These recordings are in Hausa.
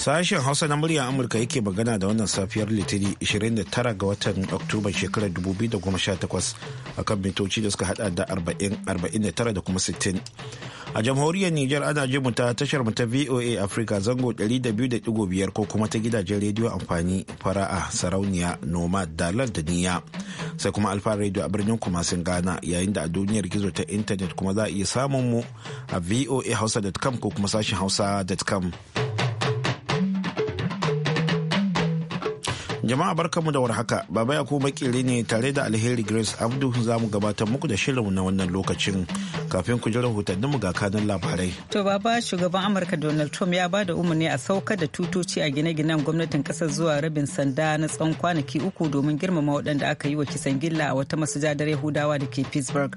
Sashen Hausa na murya Amurka yake magana da wannan safiyar Litini 29 ga watan Oktoba shekarar 2018 kan mitoci da suka hada da 49 da kuma 60. A jamhuriyar Nijar ana ji mu ta tashar mu ta VOA Africa zango 200.5 ko kuma ta gidajen rediyo amfani fara'a sarauniya noma dalar da niya sai kuma alfa rediyo a birnin kumasin Ghana yayin da a duniyar gizo ta intanet kuma za a iya samun mu a voahausa.com ko kuma sashen hausa.com. Jama'a barkamu da warhaka, Baba Yakubu Makere ne tare da Alheri Grace Abdu za mu gabatar muku da shirinmu na wannan lokacin kafin ku ji mu ga kanin labarai. To Baba shugaban Amurka Donald Trump ya bada umarni a saukar da tutoci a gine-ginen gwamnatin kasar zuwa rabin sanda na tsawon kwanaki uku domin girmama waɗanda aka yi wa kisan gilla a wata masujadar Yahudawa da ke Pittsburgh.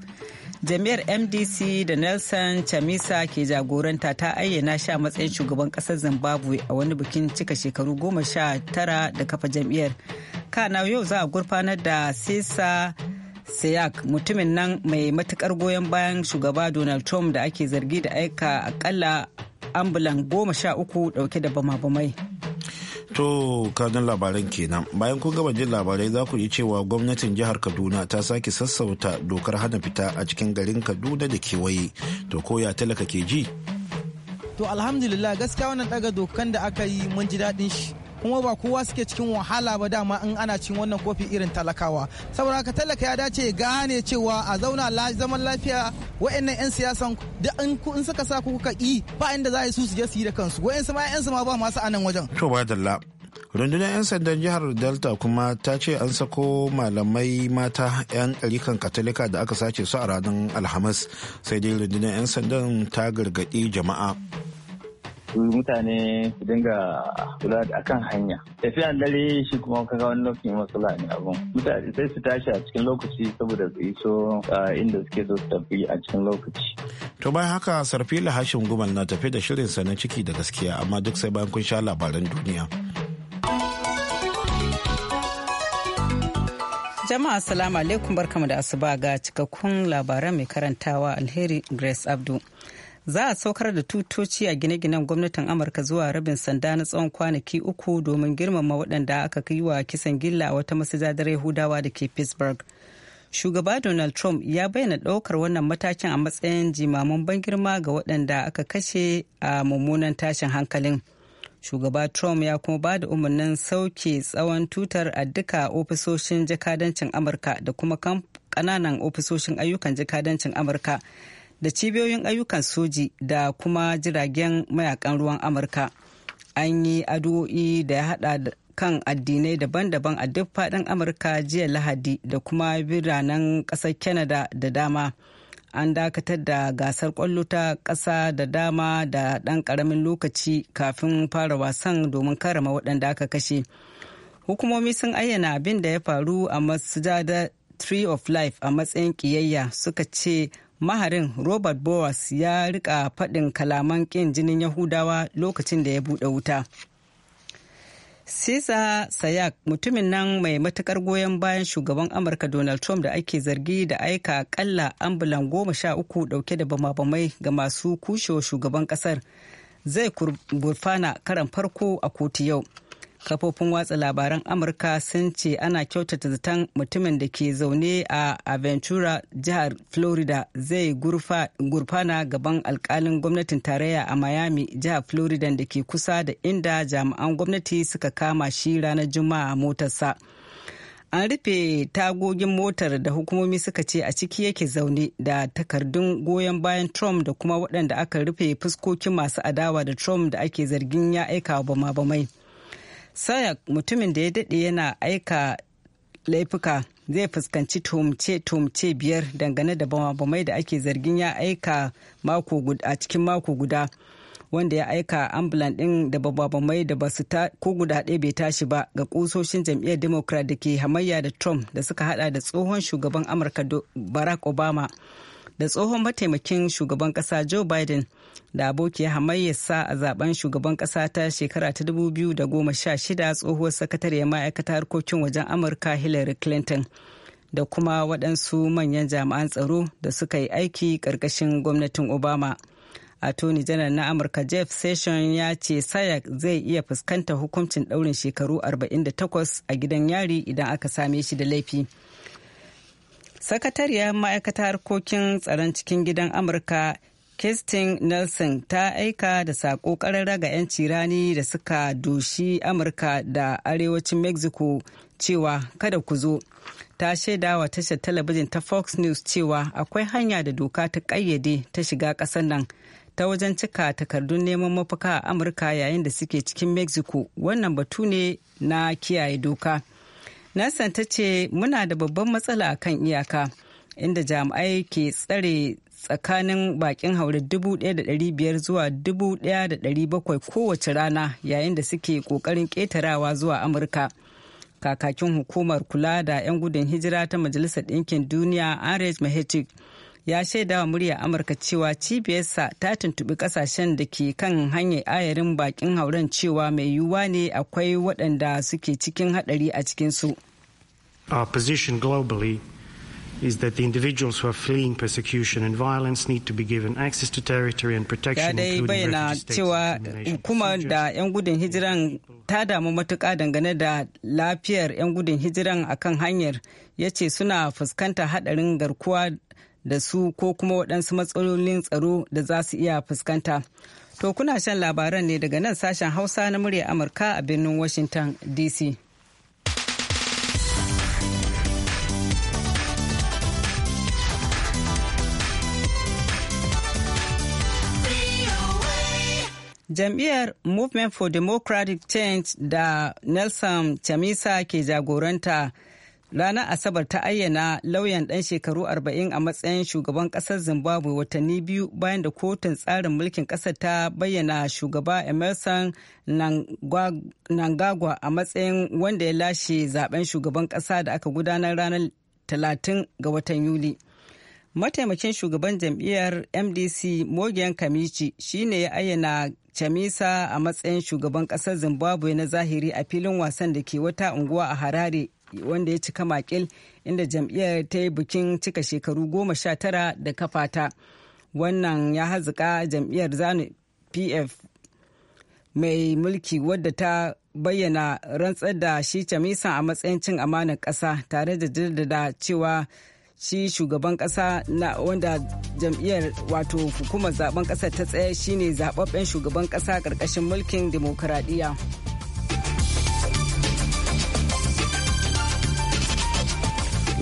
jami'ar mdc da nelson chamisa ke jagoranta ta ayyana sha matsayin shugaban kasar zimbabwe a wani bikin cika shekaru goma sha tara da kafa jam'iyyar kana yau za a gurfanar da sisa sayak mutumin nan mai matukar goyon bayan shugaba donald trump da ake zargi da aika akalla ambulan goma sha uku dauke da bama-bamai. To kanun labaran kenan bayan kun gaba jin labarai za ku yi cewa gwamnatin jihar Kaduna ta sake sassauta dokar hana fita a cikin garin Kaduna da kewaye to koya talaka ke ji. To alhamdulillah gaskiya wannan daga dokan da aka yi mun ji daɗin shi kuma ba kowa suke cikin wahala ba dama in ana cin wannan kofi irin talakawa saboda haka talaka ya dace gane cewa a zauna zaman lafiya wa'annan 'yan siyasan da in suka sa kuka yi ba inda za a su su je su yi da kansu wa'yansu ma 'yan ma ba masu anan wajen. to ba dalla rundunar 'yan sandan jihar delta kuma ta ce an sako malamai mata 'yan ɗarikan katolika da aka sace su a ranar alhamis sai dai rundunar 'yan sandan ta gargaɗi jama'a mutane su dinga kula da akan hanya tafiya dare shi kuma kaga wani lokacin matsala ne abun mutane sai su tashi a cikin lokaci saboda su iso inda suke so su tafi a cikin lokaci to bayan haka sarfila lahashin gumal na tafi da shirin sa na ciki da gaskiya amma duk sai bayan kun sha labaran duniya jama'a salama alaikum barkamu da asuba ga cikakkun labaran mai karantawa alheri grace abdu za a saukar da tutoci a gine-ginen gwamnatin amurka zuwa rabin sanda na tsawon kwanaki uku domin girmama waɗanda aka yi wa kisan gilla a wata masujadar yahudawa da ke pittsburgh shugaba donald trump ya bayyana ɗaukar wannan matakin a matsayin jimamin ban girma ga waɗanda aka kashe a mummunan tashin hankalin shugaba trump ya kuma ba da umarnin sauke tsawon tutar a duka ofisoshin jakadancin amurka da kuma kananan ofisoshin ayyukan jakadancin amurka da cibiyoyin ayyukan soji da kuma jiragen mayakan ruwan amurka an yi addu'o'i da ya hada kan addinai daban-daban a duk faɗin amurka jiya lahadi da kuma biranen ƙasar canada da dama an dakatar da gasar kwallo ta ƙasa da dama da ɗan ƙaramin lokaci kafin fara wasan domin karama waɗanda aka kashe hukumomi sun ayyana abin da ya faru a masujada tree of life a matsayin ƙiyayya suka ce maharin robert bowers ya rika faɗin kalaman ƙin jinin yahudawa lokacin da ya buɗe wuta Sisa Sayak mutumin nan mai matukar goyon bayan shugaban Amurka Donald Trump da ake zargi da aika kalla ambulan goma sha uku dauke da bama ga masu kushewa shugaban kasar zai gurfana karan farko a kotu yau. kafofin watsa labaran amurka sun ce ana kyautata zaton mutumin da ke zaune a aventura jihar florida zai gurfana gaban alkalin gwamnatin tarayya a miami jihar florida da ke kusa da inda jami'an gwamnati suka kama shi ranar juma'a motarsa an rufe tagogin motar da hukumomi suka ce a ciki yake zaune da takardun goyon bayan trump da kuma waɗanda aka rufe fuskokin masu adawa da trump da ake zargin ya aika bama-bamai. sayak mutumin da ya dade yana aika laifuka zai fuskanci tuhumce-tuhumce biyar dangane da bamai da ake zargin ya aika a cikin mako guda wanda ya aika ambulan din da bababamai da ba su ko guda ɗaya bai tashi ba ga kusoshin jam'iyyar democrat da ke hamayya da trump da suka hada da tsohon shugaban amurka barack obama da tsohon mataimakin shugaban kasa joe biden da abokiyar sa a zaben shugaban kasa ta shekara ta 2016 tsohuwar sakatariyar ma'aikatar harkokin wajen amurka hillary clinton da kuma waɗansu manyan jami'an tsaro da suka yi aiki ƙarƙashin gwamnatin obama attorney janar na amurka jeff session ya ce sayak zai iya fuskanta hukuncin ɗaurin shekaru 48 a gidan yari idan aka same shi da laifi. sakatariyar ma'aikatar harkokin tsaron cikin gidan amurka Kirsten Nelson ta aika da sako karara ga rani da suka doshi Amurka da Arewacin Mexico cewa kada ku zo. Ta shaida wa tashar talabijin ta Fox News cewa akwai hanya da doka ta ƙayyade ta shiga ƙasar nan ta wajen cika takardun neman mafaka a Amurka yayin da suke cikin Mexico. Wannan batu ne na kiyaye doka. nasan ta ce muna da babban matsala a kan iyaka inda jami'ai ke tsare tsakanin bakin haure 1,500 zuwa 1,700 kowace rana yayin da suke kokarin ketarawa zuwa Amurka. Kakakin hukumar kula da 'yan gudun hijira ta Majalisar Ɗinkin Duniya, Arej Mahetik, ya shaida wa murya amurka cewa cibiyarsa ta tuntubi kasashen da ke kan hanyar ayarin bakin hauren cewa mai yiwuwa ne akwai waɗanda suke cikin haɗari a cikinsu our position globally is that the individuals who are fleeing persecution and violence need to be given access to territory and protection ya dai bayyana cewa hukumar da 'yan gudun hijiran ta damu matuƙa dangane da lafiyar 'yan gudun hijiran akan hanyar ya ce suna fuskanta haɗarin garkuwa da su ko kuma waɗansu matsalolin tsaro da za su iya fuskanta. To kuna shan labaran ne daga nan sashen Hausa na murya Amurka a birnin Washington DC. jam'iyyar movement for democratic change da nelson chamisa ke jagoranta ranar asabar ta ayyana lauyan ɗan shekaru 40 a matsayin shugaban ƙasar zimbabwe watanni biyu bayan da kotun tsarin mulkin ƙasar ta bayyana shugaba emerson nangagwa a matsayin wanda ya lashe zaben shugaban ƙasa da aka gudanar ranar 30 ga watan yuli mataimakin shugaban jam'iyyar mdc mogen kamichi shine ya ayyana chamisa a matsayin shugaban ƙasar zimbabwe na zahiri a filin wasan da ke wata unguwa a harare wanda ya cika makil inda jam'iyyar ta yi bikin cika shekaru goma sha tara da kafa ta wannan ya hazuka jam'iyyar zanu pf mai mulki wadda ta bayyana rantsar da shi chamisa a matsayin cin amanar ƙasa tare da jaddada cewa shi shugaban ƙasa na wanda jam'iyyar wato hukumar zaben ƙasar ta tsaye shine zababben shugaban ƙasa ƙarƙashin mulkin dimokuraɗiyya.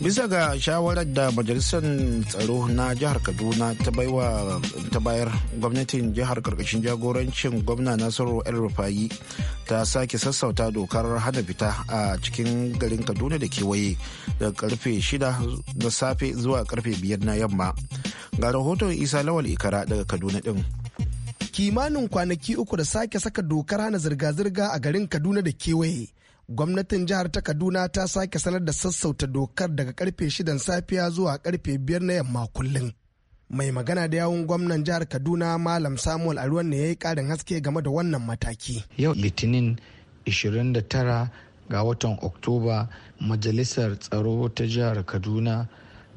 bisa ga shawarar da majalisar tsaro na jihar kaduna ta baiwa ta bayar gwamnatin jihar karkashin jagorancin gwamna nasiru el rufayi ta sake sassauta dokar hana fita a cikin garin kaduna da kewaye daga karfe 6 na safe zuwa karfe 5 na yamma ga rahoton isa lawal ikara daga kaduna din kimanin kwanaki uku da sake saka dokar hana zirga-zirga a garin kaduna da kewaye gwamnatin jihar ta kaduna ta sake sanar da sassauta dokar daga karfe shidan safiya zuwa karfe biyar na yamma kullum mai magana da yawun gwamnan jihar kaduna malam samuel aruwan ne ya yi karin haske game da wannan mataki yau litinin 29 ga watan oktoba majalisar tsaro ta jihar kaduna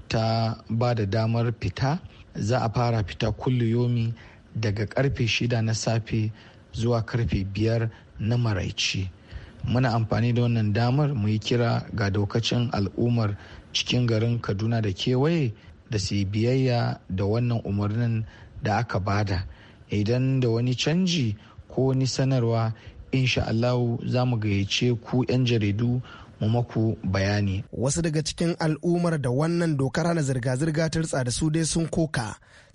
ta ba da damar fita za a fara fita kullu yomi daga karfe shida na safe zuwa karfe biyar na maraici muna amfani da wannan damar mu yi kira ga dokacin al'ummar cikin garin kaduna da kewaye da su biyayya da wannan umarnin da aka bada idan da wani canji ko wani sanarwa insha Allahu za mu gayyace ku 'yan jaridu mu maku bayani. Wasu daga cikin al'ummar da wannan dokar hana zirga-zirga ta ritsa da su dai sun koka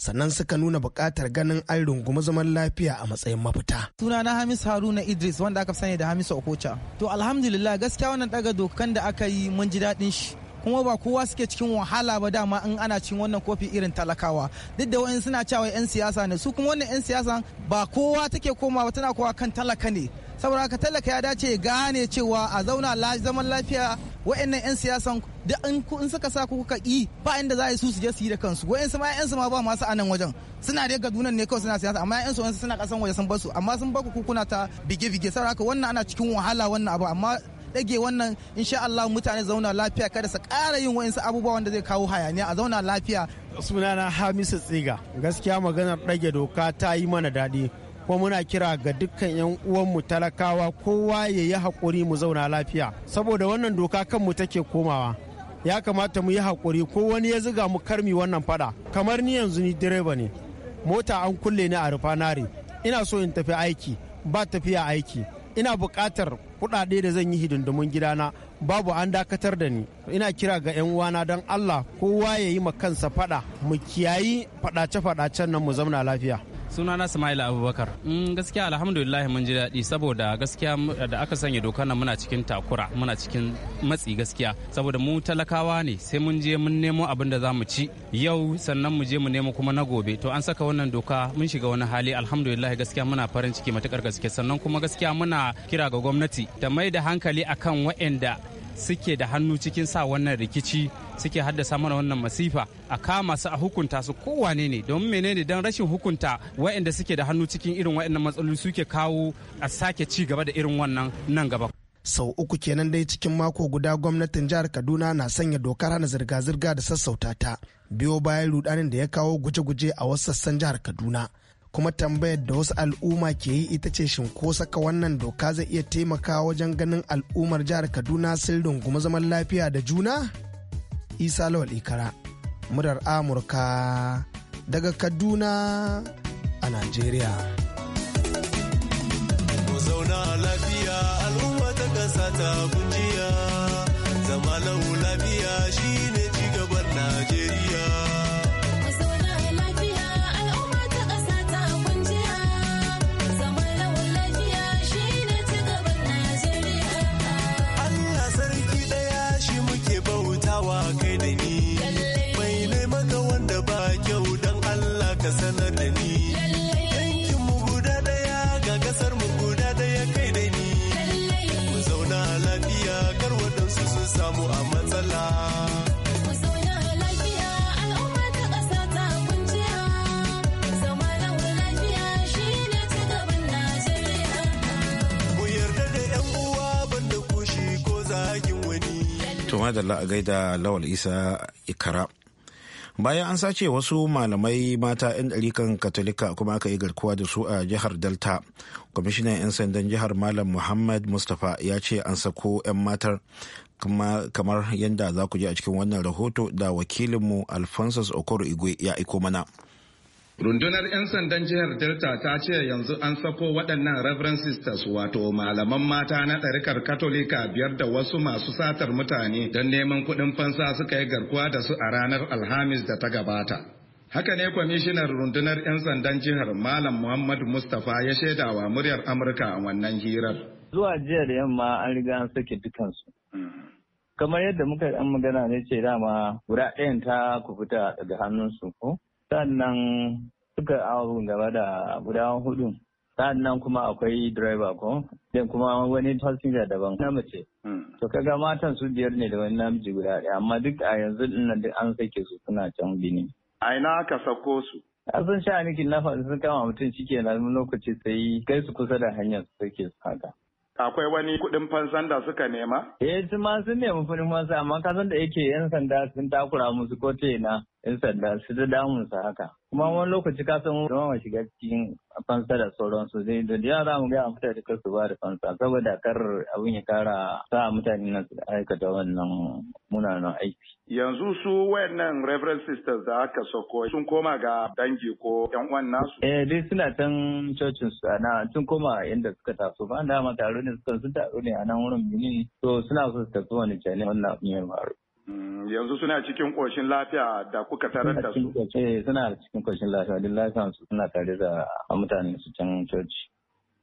sannan suka nuna buƙatar ganin an rungumi zaman lafiya a matsayin mafita. Suna na Hamis Haruna Idris wanda aka sani da Hamisu Okocha. To alhamdulillah gaskiya wannan daga dokan da aka yi mun ji daɗin shi. kuma ba kowa suke cikin wahala ba dama in ana cin wannan kofi irin talakawa duk da wani suna cewa 'yan siyasa ne su kuma wannan 'yan siyasa ba kowa take komawa tana kowa kan talaka ne saboda haka tallaka ya dace gane cewa a zauna zaman lafiya wa'annan 'yan siyasan da in suka sa kuka yi ba inda za a yi su su je su yi da kansu wa'ansu ma 'yan ma ba masu a nan wajen suna da gadunan ne kawai suna siyasa amma 'yan su suna kasan waje sun su amma sun ku kuna ta bige-bige saboda haka wannan ana cikin wahala wannan abu amma dage wannan insha Allah mutane zauna lafiya kada su ƙara yin wa'insu abubuwa wanda zai kawo hayaniya a zauna lafiya sunana Hamisu Tsiga gaskiya maganar dage doka ta yi mana daɗi kuma muna kira ga dukkan 'yan uwanmu talakawa kowa ya yi haƙuri mu zauna lafiya saboda wannan doka kanmu take komawa ya kamata mu yi haƙuri ko wani ya ziga mu karmi wannan fada kamar ni yanzu ni direba ne mota an kulle ni a rufanare ina so in tafi aiki ba tafiya aiki ina buƙatar kuɗaɗe da zan yi hidindimin gidana babu an dakatar da ni ina kira ga 'yan uwana don allah kowa ya yi ma kansa faɗa mu kiyayi faɗace-faɗacen nan mu zauna lafiya sunana Samaila Abubakar. Mm, gaskiya alhamdulillah mun ji daɗi saboda gaskiya da aka sanya dokar nan muna cikin takura muna cikin matsi gaskiya saboda mu talakawa ne sai mun je mun nemo abin da za mu ci yau sannan mu je mu nemo kuma na gobe to an saka wannan doka mun shiga wani hali alhamdulillah gaskiya muna farin ciki matukar gaske sannan kuma gaskiya muna kira ga gwamnati ta mai da hankali akan waɗanda suke da hannu cikin sa wannan rikici suke haddasa mana wannan masifa a kama su a hukunta su kowane ne domin menene don rashin hukunta waɗanda suke da hannu cikin irin waɗannan matsaloli suke kawo a sake ci gaba da irin wannan nan gaba sau uku kenan dai cikin mako guda gwamnatin jihar kaduna na sanya dokar hana zirga-zirga da sassauta ta biyo bayan rudanin da ya kawo guje-guje a wasu sassan jihar kaduna kuma tambayar da wasu al'umma ke yi ita ce shin ko saka wannan doka zai iya taimakawa wajen ganin al'ummar jihar kaduna sun rungumi zaman lafiya da juna isa lawal ikara murar amurka daga kaduna a najeriya zama lau lafiya shine madalla a gaida lawal isa ikara bayan an sace wasu malamai mata 'yan ɗarikan katolika kuma aka yi garkuwa da su a jihar delta kwamishinan 'yan sandan jihar malam muhammad mustapha ya ce an sako 'yan matar kamar yadda za ku ji a cikin wannan rahoto da wakilinmu alphonsus okoro igwe ya aiko mana Rundunar 'yan sandan jihar Delta ta ce yanzu an sako waɗannan Reverend Sisters wato malaman mata na ɗarikar Katolika biyar da wasu masu satar mutane don neman kuɗin fansa suka yi garkuwa da su a ranar Alhamis da ta gabata. Haka ne kwamishinar rundunar 'yan sandan jihar Malam Muhammad Mustapha ya shaidawa muryar Amurka a wannan hirar. Zuwa jiya da yamma an riga an sake dukansu. Kamar yadda muka yi an magana ne ce dama guda ɗayan ta ku fita daga hannunsu ko? sannan suka awon gaba da guda hudu sannan kuma akwai driver ko dan kuma wani passenger daban na mace hmm. to kaga matan su biyar ne da wani namiji guda ɗaya amma duk a yanzu dinnan duk an sake su suna can bini a ina aka sako su a sun sha na faɗi sun kama mutum shike na lokaci sai kai su kusa da hanyar su sake su haka akwai wani kuɗin fansan da suka nema eh su ma sun nemi kuɗin fansa amma kasan da yake yan sanda sun takura musu ko ta ina 'yan sanda su ta damun sa haka kuma hmm. wani lokaci ka san wani shiga cikin fansa da sauransu zai da yara mu ga mutane kar su ba da fansa saboda kar abin ya kara sa mutane na su aikata wannan munanan aiki yanzu su wayannan reverend sisters da aka sako sun koma ga dangi ko yan uwan nasu eh dai suna tan cocin su ana sun koma inda suka taso ba da ma taro ne suka sun taro ne a nan wurin Benin to suna so su tafi wani jami'a wannan abin ya faru Mm, yanzu suna cikin ƙoshin lafiya da kuka tarar da su eh suna cikin ƙoshin lafiya duk lafiyan su suna tare da mutanen su can coci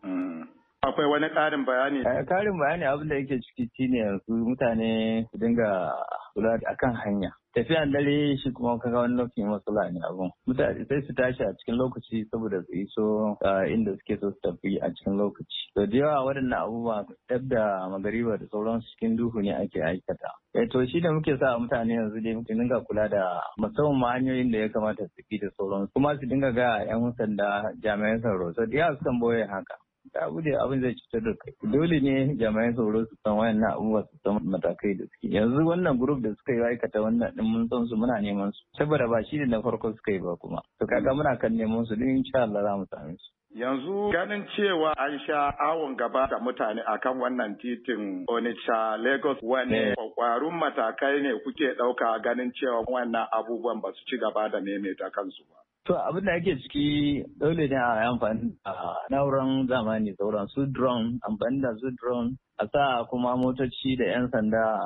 mm, akwai wani ƙarin bayani eh, ƙarin bayani abin da yake ciki shine yanzu mutane su dinga kula da akan hanya tafiyan dare shi kuma kaga wani lokacin matsala ne abu. mutane sai su tashi a cikin lokaci saboda su iso inda suke so su tafi a cikin lokaci to da yawa waɗannan abubuwa ɗab da magariba da sauran cikin duhu ne ake aikata eh to shi da muke sa mutane yanzu dai muke dinga kula da musamman ma hanyoyin da ya kamata su bi da sauran kuma su dinga ga yan sanda jami'an tsaro so da yawa su kan boye haka abu ne abin zai cutar da kai dole ne jami'an tsoro su san na abubuwa su san matakai da suke yanzu wannan group da suka yi aikata wannan din mun san su muna neman su saboda ba shi ne na farko suka yi ba kuma to kaga muna kan neman su din insha Allah za mu same su Yanzu ganin cewa an sha awon gaba da mutane akan wannan titin Onitsha Lagos wani kwakwarun eh. matakai ne kuke ɗauka ganin cewa wannan abubuwan ba su ci gaba da maimaita kansu ba. To abin da ake ciki dole ne a yi amfani da na'urar zamani sauran su drone amfani da su drone a sa kuma motoci da 'yan sanda a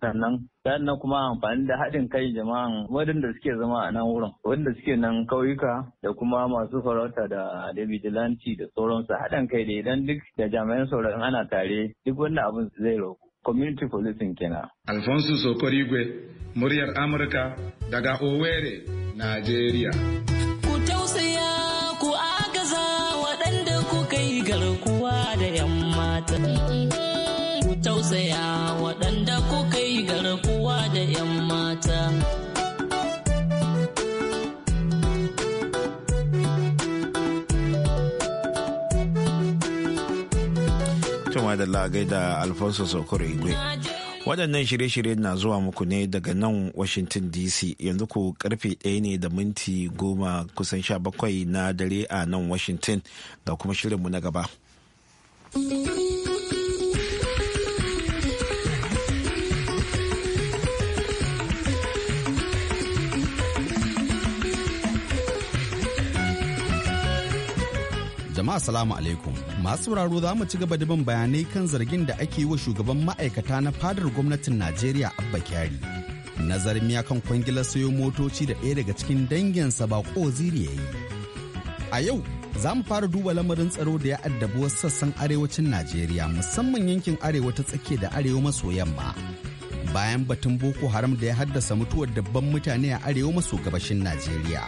sannan sannan kuma amfani da haɗin kai jama'an waɗanda suke zama a nan wurin waɗanda suke nan kauyuka da kuma masu farauta da da vigilanti da sauransu haɗin kai da idan duk da jami'an sauran ana tare duk wannan abin zai roƙo community policing kenan. Alfonso Sokorigwe, muryar Amurka daga Owerri, Najeriya. lagai da alfonso sokoro igwe waɗannan shirye-shirye na zuwa muku ne daga nan washington dc yanzu ku karfe ɗaya ne da minti goma kusan sha bakwai na dare a nan washington da kuma shirinmu na gaba. Jama'a salamu alaikum. Masu sauraro za mu ci gaba da bin bayanai kan zargin da ake yi wa shugaban ma'aikata na fadar gwamnatin Najeriya Abba Kyari. Nazarin miya kan kwangilar sayo motoci da ɗaya daga cikin danginsa ba ziri ya yi. A yau za mu fara duba lamarin tsaro da ya addabi wasu sassan arewacin Najeriya musamman yankin arewa ta tsakiya da arewa maso yamma. Bayan batun Boko Haram da ya haddasa mutuwar dabban mutane a arewa maso gabashin Najeriya.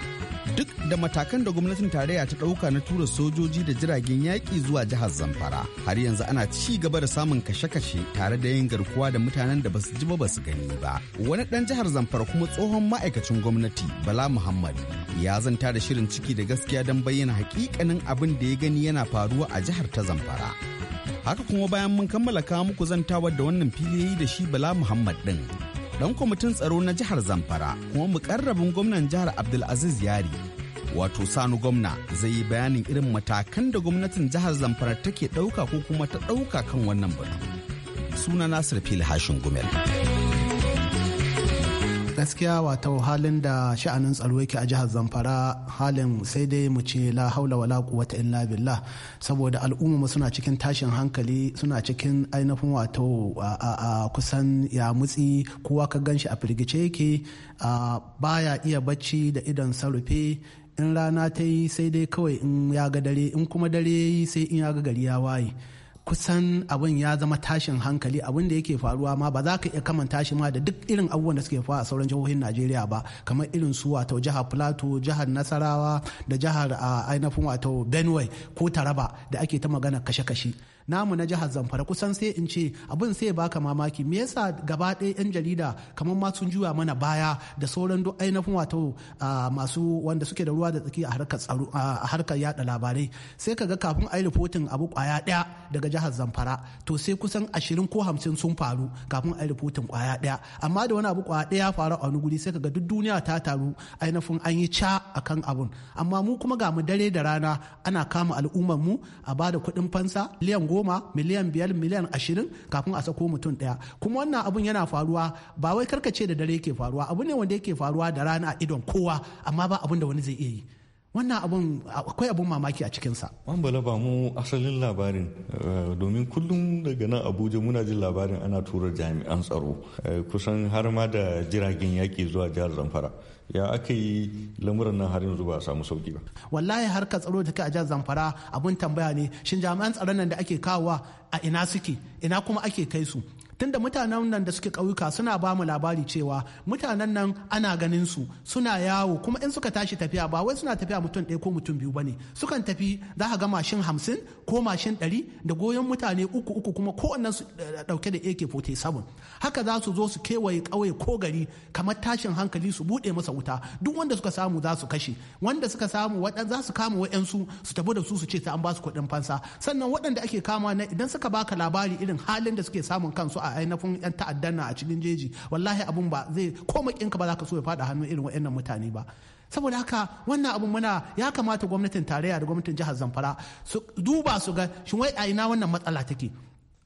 duk da matakan da gwamnatin tarayya ta ɗauka na tura sojoji da jiragen yaƙi zuwa jihar zamfara har yanzu ana ci gaba da samun kashe-kashe tare da yin garkuwa da mutanen da basu ji ba basu gani ba wani ɗan jihar zamfara kuma tsohon ma'aikacin gwamnati bala muhammad ya zanta da shirin ciki da gaskiya don bayyana hakikanin abin da ya gani yana faruwa a jihar ta zamfara haka kuma bayan mun kammala kawo muku zantawar da wannan fili da shi bala muhammad ɗin dan kwamitin tsaro na jihar zamfara kuma mukarrabin gwamnan jihar abdulaziz yari wato sanu gwamna zai yi bayanin irin matakan da gwamnatin jihar zamfara take ɗauka ko kuma ta ɗauka kan wannan batu suna nasir fil hashin gumel. gaskiya wato halin da sha'anin tsaro yake a jihar zamfara halin sai dai mu ce la haula wala quwwata illa billah saboda al'umma suna cikin tashin hankali suna cikin ainihin wato a kusan ya mutsi kowa ka ganshi a firgice yake baya iya bacci da idan sarufe in rana ta yi sai dai kawai in ya ga dare in kuma dare sai in ya ga gari ya waye kusan abin ya zama tashin hankali abin da yake faruwa ma ba za ka iya kamanta shi ma da duk irin abubuwan da suke faruwa a sauran jihohin Najeriya ba kamar irin su wato jihar Plateau jihar Nasarawa da jihar ah, ainihin wato Benue ko Taraba da ake ta magana kashe-kashe namu na jihar zamfara kusan sai in ce abin sai baka mamaki me yasa gaba ɗaya yan jarida kamar ma sun juya mana baya da sauran duk ainihin wato masu wanda suke da ruwa da tsaki a harkar tsaro harkar yada labarai sai kaga kafin ayi rifotin abu kwaya ɗaya daga jihar zamfara to sai kusan ashirin ko hamsin sun faru kafin ayi rifotin kwaya ɗaya amma da wani abu kwaya ɗaya faru a wani guri sai kaga duk duniya ta taru ainihin an yi ca akan abun amma mu kuma ga mu dare da rana ana kama al'ummar mu a bada kuɗin fansa liyan goma goma miliyan biyar miliyan ashirin kafin a sako mutum ɗaya kuma wannan abun yana faruwa ba wai karkace da dare yake faruwa abu ne wanda yake faruwa da rana a idon kowa amma ba abun da wani zai iya yi wannan abun akwai abun mamaki a cikinsa. An bala ba mu asalin labarin eh, domin kullum daga nan Abuja muna jin labarin ana tura jami'an tsaro eh, kusan har ma da jiragen yaƙi zuwa jihar Zamfara. ya aka yi lamuran nan har yanzu ba a samu sauki ba wallahi harkar tsaro da ke a jihar zamfara abun tambaya ne shin jami'an tsaron nan da ake kawowa a ina suke ina kuma ake kai su tunda mutanen nan da suke kauyuka suna ba mu labari cewa mutanen nan ana ganin su suna yawo kuma in suka tashi tafiya ba wai suna tafiya mutum ɗaya ko mutum biyu bane sukan tafi za ka ga mashin hamsin ko mashin ɗari da goyon mutane uku uku kuma kowannen su eh, ɗauke da AK47 haka za su zo su kewaye ƙauye ko gari kamar tashin hankali su buɗe masa wuta duk wanda suka samu za su kashe wanda suka samu waɗan za su kama wa'yansu su tafi da su su ce ta an ba su kuɗin fansa sannan waɗanda ake kama na idan suka baka labari irin halin da suke samun kansu a a ainihin yan ta'addan na a cikin jeji wallahi abun ba zai ko ba za ka so ya fada hannun irin waɗannan mutane ba saboda haka wannan abun muna ya kamata gwamnatin tarayya da gwamnatin jihar zamfara su duba su ga shin wai a ina wannan matsala take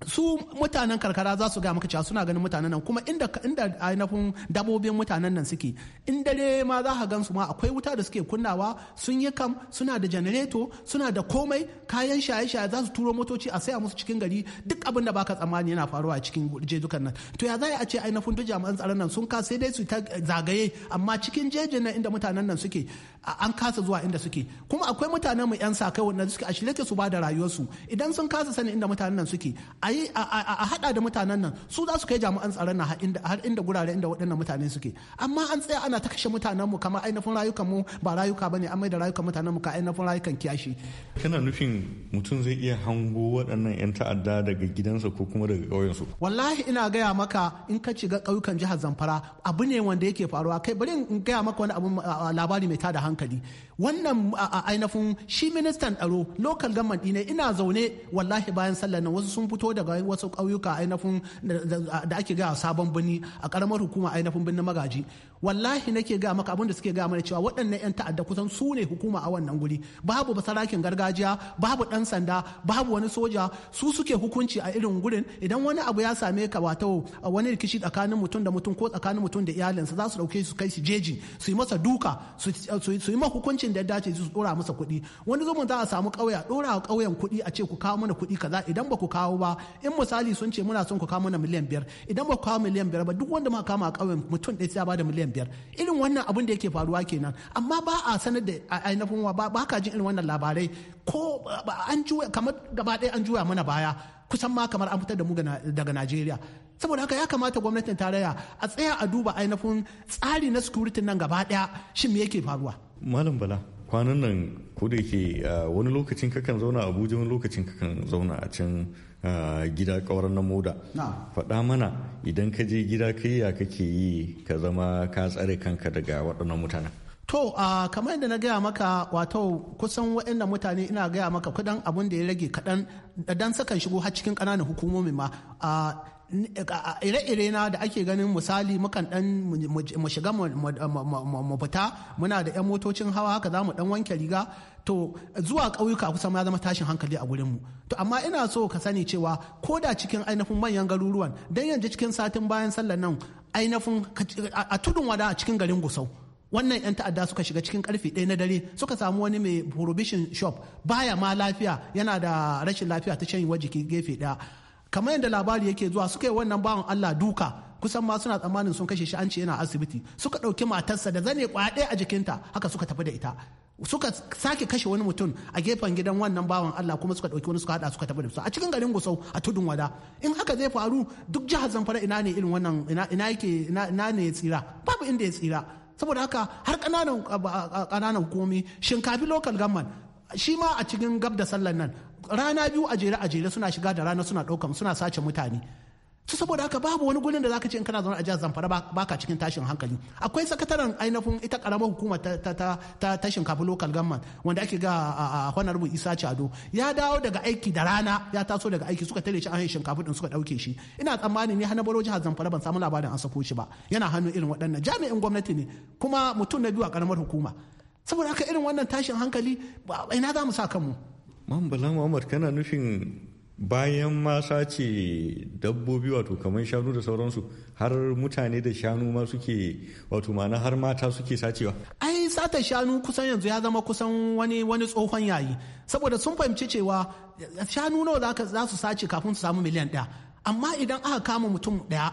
su mutanen karkara za su ga maka cewa suna ganin mutanen nan kuma inda inda ainihin dabobin mutanen nan suke in dare ma za ka gansu ma akwai wuta da suke kunnawa sun yi kam suna da janareto suna da komai kayan shaye-shaye za su turo motoci a saya musu cikin gari duk abin da baka tsammani yana faruwa a cikin jejukan nan to ya za a ce ainihin duk jami'an tsaron nan sun kasa sai dai su ta zagaye amma cikin jejin nan inda mutanen nan suke an kasa zuwa inda suke kuma akwai mutanen mu yan sa wanda suke a shirye su ba da rayuwarsu idan sun kasa sanin inda mutanen nan suke yi a hada da mutanen nan su za su kai jami'an tsaron na har inda gurare inda waɗannan mutane suke amma an tsaya ana ta kashe mutanen mu kamar ainihin rayukan mu ba rayuka ba ne mai da rayukan mutanen mu ka ainihin rayukan kiyashi kana nufin mutum zai iya hango waɗannan yan ta'adda daga gidansa ko kuma daga ƙauyen su. wallahi ina gaya maka in ka ci ga ƙauyukan jihar Zamfara abu ne wanda yake faruwa kai bari in gaya maka wani abu labari mai tada hankali wannan ainihin shi ministan tsaro local government ne ina zaune wallahi bayan sallar nan wasu sun fito daga wasu ƙauyuka ainihin da ake gaya sabon birni a ƙaramar hukuma ainihin birnin magaji wallahi nake ga maka abin suke ga mana cewa waɗannan 'yan ta'adda kusan su ne hukuma a wannan guri babu basarakin gargajiya babu ɗan sanda babu wani soja su suke hukunci a irin gurin idan wani abu ya same ka wato wani rikici tsakanin mutum da mutum ko tsakanin mutum da iyalinsa za su ɗauke su kai su jeji su yi masa duka su yi ma hukuncin da ya dace su ɗora masa kuɗi wani zumun za a samu ƙauya ɗora a ƙauyen kuɗi a ce ku kawo mana kuɗi kaza idan ba ku kawo ba in misali sun ce muna son ku kawo mana miliyan biyar idan ba ku kawo miliyan biyar ba duk wanda ma kama a ƙauyen mutum ɗaya sai ya bada miliyan miliyan biyar irin wannan abin da yake faruwa kenan amma ba a sanar da ainihin wa ba ka jin irin wannan labarai ko an juya kamar gaba ɗaya an juya mana baya kusan ma kamar an fitar da mu daga najeriya saboda haka ya kamata gwamnatin tarayya a tsaya a duba ainihin tsari na security nan gaba daya shin me yake faruwa malam bala kwanan nan ko da yake ah, wani lokacin kakan zauna abuja wani lokacin kakan zauna a can gida kawar na moda faɗa mana idan ka je gida ka yi ya kake yi ka zama ka tsare kanka daga waɗannan mutanen To, uh, kamar yadda na gaya maka wato kusan waɗannan mutane ina gaya maka kudan abun da ya rage kaɗan dan sakan shigo har cikin ƙananan hukumomi ma. ire-ire na da ake ganin misali mukan dan mu shiga mu fita muna da 'yan motocin hawa haka za mu dan wanke riga to zuwa ƙauyuka kusan ma zama tashin hankali a gurinmu to amma ina so ka sani cewa ko da cikin ainihin manyan garuruwan dan yanzu cikin satin bayan sallar nan ainihin a tudun wada a cikin garin gusau wannan 'yan ta'adda suka shiga cikin karfe ɗaya na dare suka samu wani mai prohibition shop baya ma lafiya yana da rashin lafiya ta shan jiki gefe ɗaya kamar yadda labari yake zuwa suka yi wannan bawan Allah duka kusan ma suna tsammanin sun kashe shi an ce yana asibiti suka ɗauki matarsa da zane kwaɗe a jikinta haka suka tafi da ita suka sake kashe wani mutum a gefen gidan wannan bawan Allah kuma suka ɗauki wani suka haɗa suka tafi da su a cikin garin Gusau a tudun wada in haka zai faru duk jihar Zamfara ina ne irin wannan ina yake ina ne ya tsira babu inda ya tsira saboda haka har ƙananan ƙananan hukumomi shinkafi local government shi ma a cikin gab da sallan nan rana biyu a jere a jere suna shiga da rana suna ɗaukan suna sace mutane su saboda haka babu wani gurin da zaka ce in kana zaune a jihar Zamfara baka cikin tashin hankali akwai sakataren ainihin ita karamar hukuma ta ta ta ta shinkafa wanda ake ga a honorable Isa Chado ya dawo daga aiki da rana ya taso daga aiki suka tare shi a shinkafa din suka dauke shi ina tsammanin ni Hanabaro jihar Zamfara ban samu labarin an sako shi ba yana hannu irin waɗannan jami'in gwamnati ne kuma mutum na biyu a karamar hukuma saboda haka irin wannan tashin hankali ba ina za mu sa kanmu man bala muhammad kana nufin bayan ma sace dabbobi wato kamar shanu da sauransu har mutane da shanu ma suke wato mana har mata suke sacewa ai sata shanu kusan yanzu ya zama kusan wani wani tsohon yayi saboda sun fahimci cewa shanu nawa za su sace kafin su samu miliyan ɗaya amma idan aka kama mutum ɗaya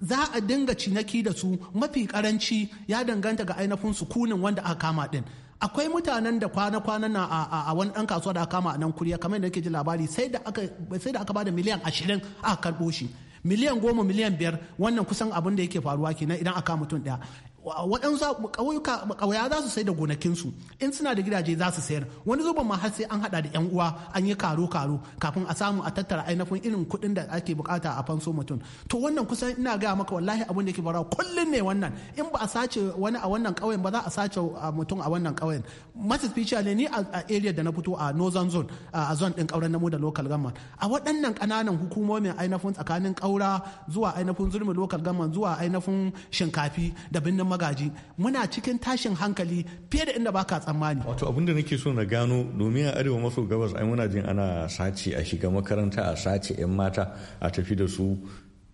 za a dinga cinaki da su mafi karanci ya danganta ga ainihin sukunin wanda aka kama din akwai mutanen da kwana-kwana na a wani dan kasuwa da aka kama a nan kuriya kamar yadda nake ji labari sai da aka bada miliyan ashirin aka karbo shi miliyan goma miliyan biyar wannan kusan abin da yake faruwa kenan idan aka mutum daya waɗansu ƙauyuka ƙauya za su sai da gonakinsu in suna da gidaje za su sayar wani zuba ma har sai an hada da yan uwa an yi karo karo kafin a samu a tattara ainihin irin kuɗin da ake bukata a fanso mutum to wannan kusan ina gaya maka wallahi abin da ke bara kullum ne wannan in ba a sace wani a wannan ƙauyen ba za a sace mutum a wannan ƙauyen masu ficha ne ni a area da na fito a northern zone a zone din ƙauren namu da local government a waɗannan ƙananan hukumomin ainihin tsakanin ƙaura zuwa ainihin zurmi local government zuwa ainihin shinkafi da binnin magaji muna cikin tashin hankali fiye da inda baka tsammani wato abin da nake so na gano domin a arewa maso gabas ai muna jin ana sace a shiga makaranta a sace yan mata a tafi da su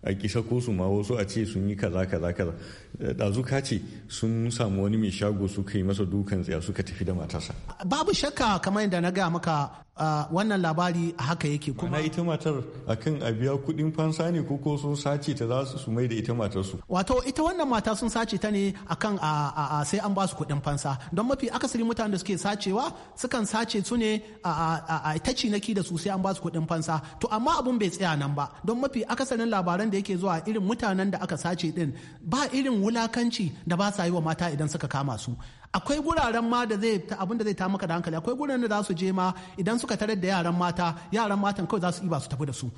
a kisa ko su ma wasu a ce sun yi kaza kaza kaza dazu ka ce sun samu wani mai shago suka yi masa dukan tsaya suka tafi da matasa. babu shakka kamar yadda na gaya maka wannan labari a haka yake kuma ita matar akan a biya kuɗin fansa ne ko ko sun sace ta za su mai da ita matar su wato ita wannan mata sun sace ta ne akan a sai an ba su kuɗin fansa don mafi akasari mutanen da suke sacewa sukan sace su ne a ta cinaki da su sai an ba su kuɗin fansa to amma abun bai tsaya nan ba don mafi akasarin labaran da yake zuwa irin mutanen da aka sace din ba irin wulakanci da ba sa yi wa mata idan suka kama su akwai guraren ma da zai abin da zai ta maka da hankali akwai guraren da za su je ma idan suka tarar da yaran mata yaran matan kawai za su iba su tafi da su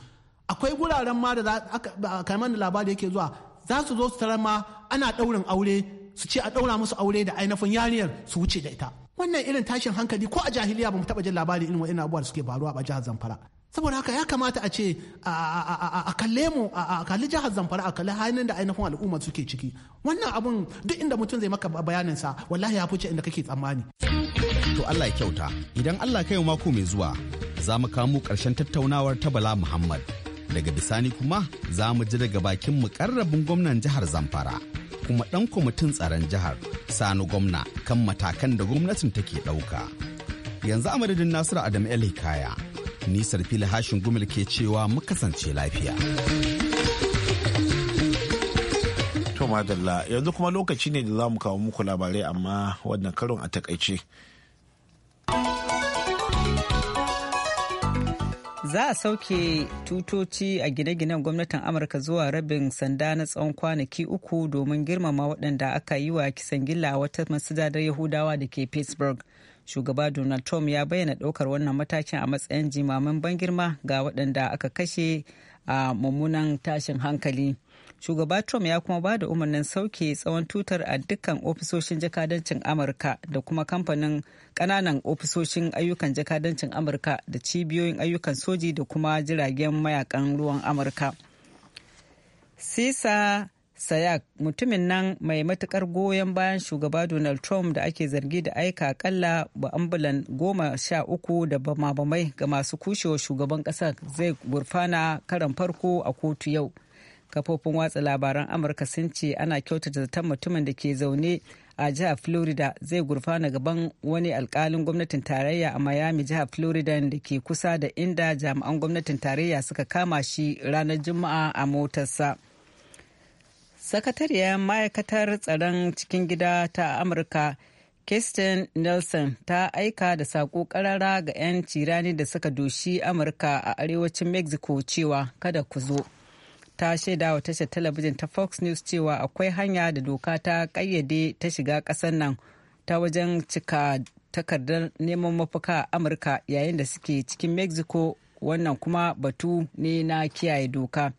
akwai guraren ma da kamar da labari yake zuwa za su zo su tarar ma ana daurin aure su ce a daura musu aure da ainihin yariyar su wuce da ita wannan irin tashin hankali ko a jahiliya ba mu taɓa jin labarin irin wa'in abubuwa da suke faruwa a jihar zamfara saboda haka ya kamata a ce a kalle mu a kalli jihar zamfara a kalli hanyar da ainihin al'umma suke ciki wannan abun duk inda mutum zai maka bayanin sa wallahi ya fice inda kake tsammani to Allah ya kyauta idan Allah kai mako mai zuwa za mu kawo karshen tattaunawar ta Bala Muhammad daga bisani kuma za mu ji daga bakin mukarrabin gwamnan jihar Zamfara kuma dan kwamitin tsaron jihar Sani gwamna kan matakan da gwamnatin take dauka yanzu a madadin Nasiru Adam El Hikaya Nisar fili hashin gumil ke cewa mu kasance lafiya. To yanzu kuma lokaci ne da za mu kawo muku labarai amma wannan karon a takaice. za a sauke tutoci a gine-ginen gwamnatin amurka zuwa rabin sanda na tsawon kwanaki uku domin girmama waɗanda aka yi wa kisan gilla wata masujadar yahudawa da ke pittsburgh shugaba donald trump ya bayyana ɗaukar wannan matakin a matsayin jimamin ban girma ga waɗanda aka kashe a mummunan tashin hankali shugaba trump ya kuma ba da umarnin sauke tsawon tutar a dukkan ofisoshin jakadancin amurka da kuma kamfanin kananan ofisoshin ayyukan jakadancin amurka da cibiyoyin ayyukan soji da kuma jiragen mayakan ruwan amurka sisa sayak mutumin nan mai matukar goyon bayan shugaba donald trump da ake zargi da aika akalla ba ambulan goma sha uku da bama-bamai ga masu kushewa shugaban kasar zai gurfana karan farko a kotu yau kafofin watsa labaran amurka sun ce ana kyautata zaton mutumin da ke zaune a jihar florida zai gurfana gaban wani alkalin gwamnatin tarayya a miami jihar florida da ke kusa da inda jami'an gwamnatin tarayya suka kama shi ranar juma'a a motarsa sakatariyar ma'aikatar tsaron cikin gida ta amurka kirsten nelson ta aika da sako karara ga 'yan cirani da suka doshi amurka a arewacin mexico cewa kada ku zo ta shaida wa tashar talabijin ta fox news cewa akwai hanya da doka ta kayyade ta shiga ƙasar nan ta wajen cika takardar neman mafaka a amurka yayin da suke cikin mexico wannan kuma batu ne na kiyaye doka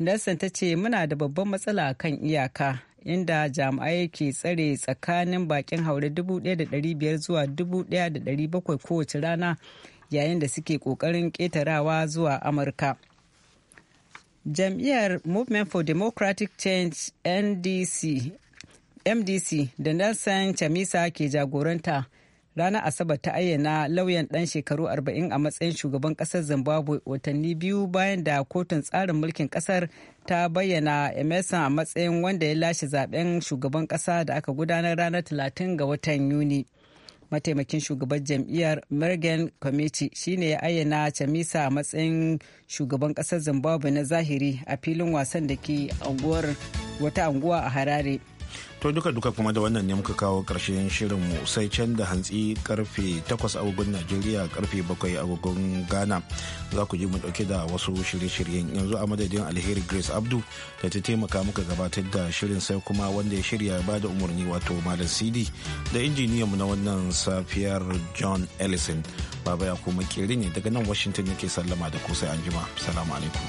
nelson ta ce muna da babban matsala kan iyaka inda jami'ai ke tsare tsakanin bakin haure 1,500 zuwa 1,700 kowace rana yayin da suke ƙoƙarin ƙetarawa zuwa amurka jam'iyyar movement for democratic change ndc mdc da nelson chamisa ke jagoranta ranar asabar ta ayyana lauyan dan shekaru 40 a matsayin shugaban kasar zimbabwe watanni biyu bayan da kotun tsarin mulkin kasar ta bayyana emerson a matsayin wanda ya lashe zaben shugaban kasa da aka gudanar ranar 30 ga watan yuni mataimakin shugaban jam'iyyar mergen Committee shine ya ayyana chamisa a matsayin shugaban ƙasar zimbabwe na zahiri a filin wasan da ke wata anguwa a harare to duka duka kuma da wannan ne muka kawo karshen shirinmu sai can da hantsi karfe 8 agogon najeriya karfe 7 agogon ghana za ku ji mu dauke da wasu shirye-shiryen yanzu a madadin alheri grace abdu da ta taimaka muka gabatar da shirin sai kuma wanda ya shirya ba da umarni wato malam cd da injiniyan mu na wannan safiyar john ellison baba ya kuma kere daga nan washington yake sallama da ku sai anjima salamu alaikum